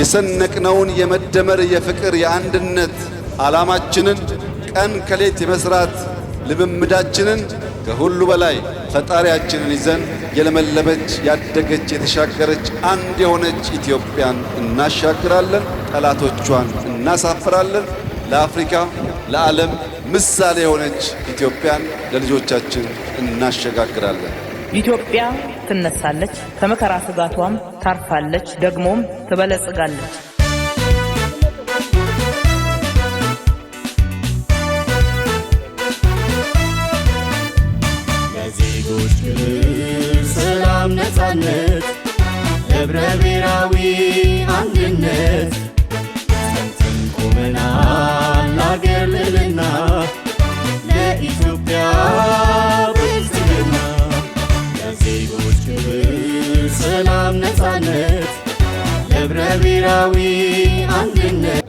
የሰነቅነውን የመደመር የፍቅር የአንድነት ዓላማችንን ቀን ከሌት የመስራት ልምምዳችንን ከሁሉ በላይ ፈጣሪያችንን ይዘን የለመለመች ያደገች የተሻገረች አንድ የሆነች ኢትዮጵያን እናሻግራለን። ጠላቶቿን እናሳፍራለን። ለአፍሪካ ለዓለም ምሳሌ የሆነች ኢትዮጵያን ለልጆቻችን እናሸጋግራለን። ኢትዮጵያ ትነሳለች፣ ከመከራ ስጋቷም ታርፋለች፣ ደግሞም ትበለጽጋለች። ለዜጎች ሰላም፣ ነጻነት፣ ህብረ ብሔራዊ አንድነት ሰላም ነፃነት ደብረ ብሔራዊ አንድነት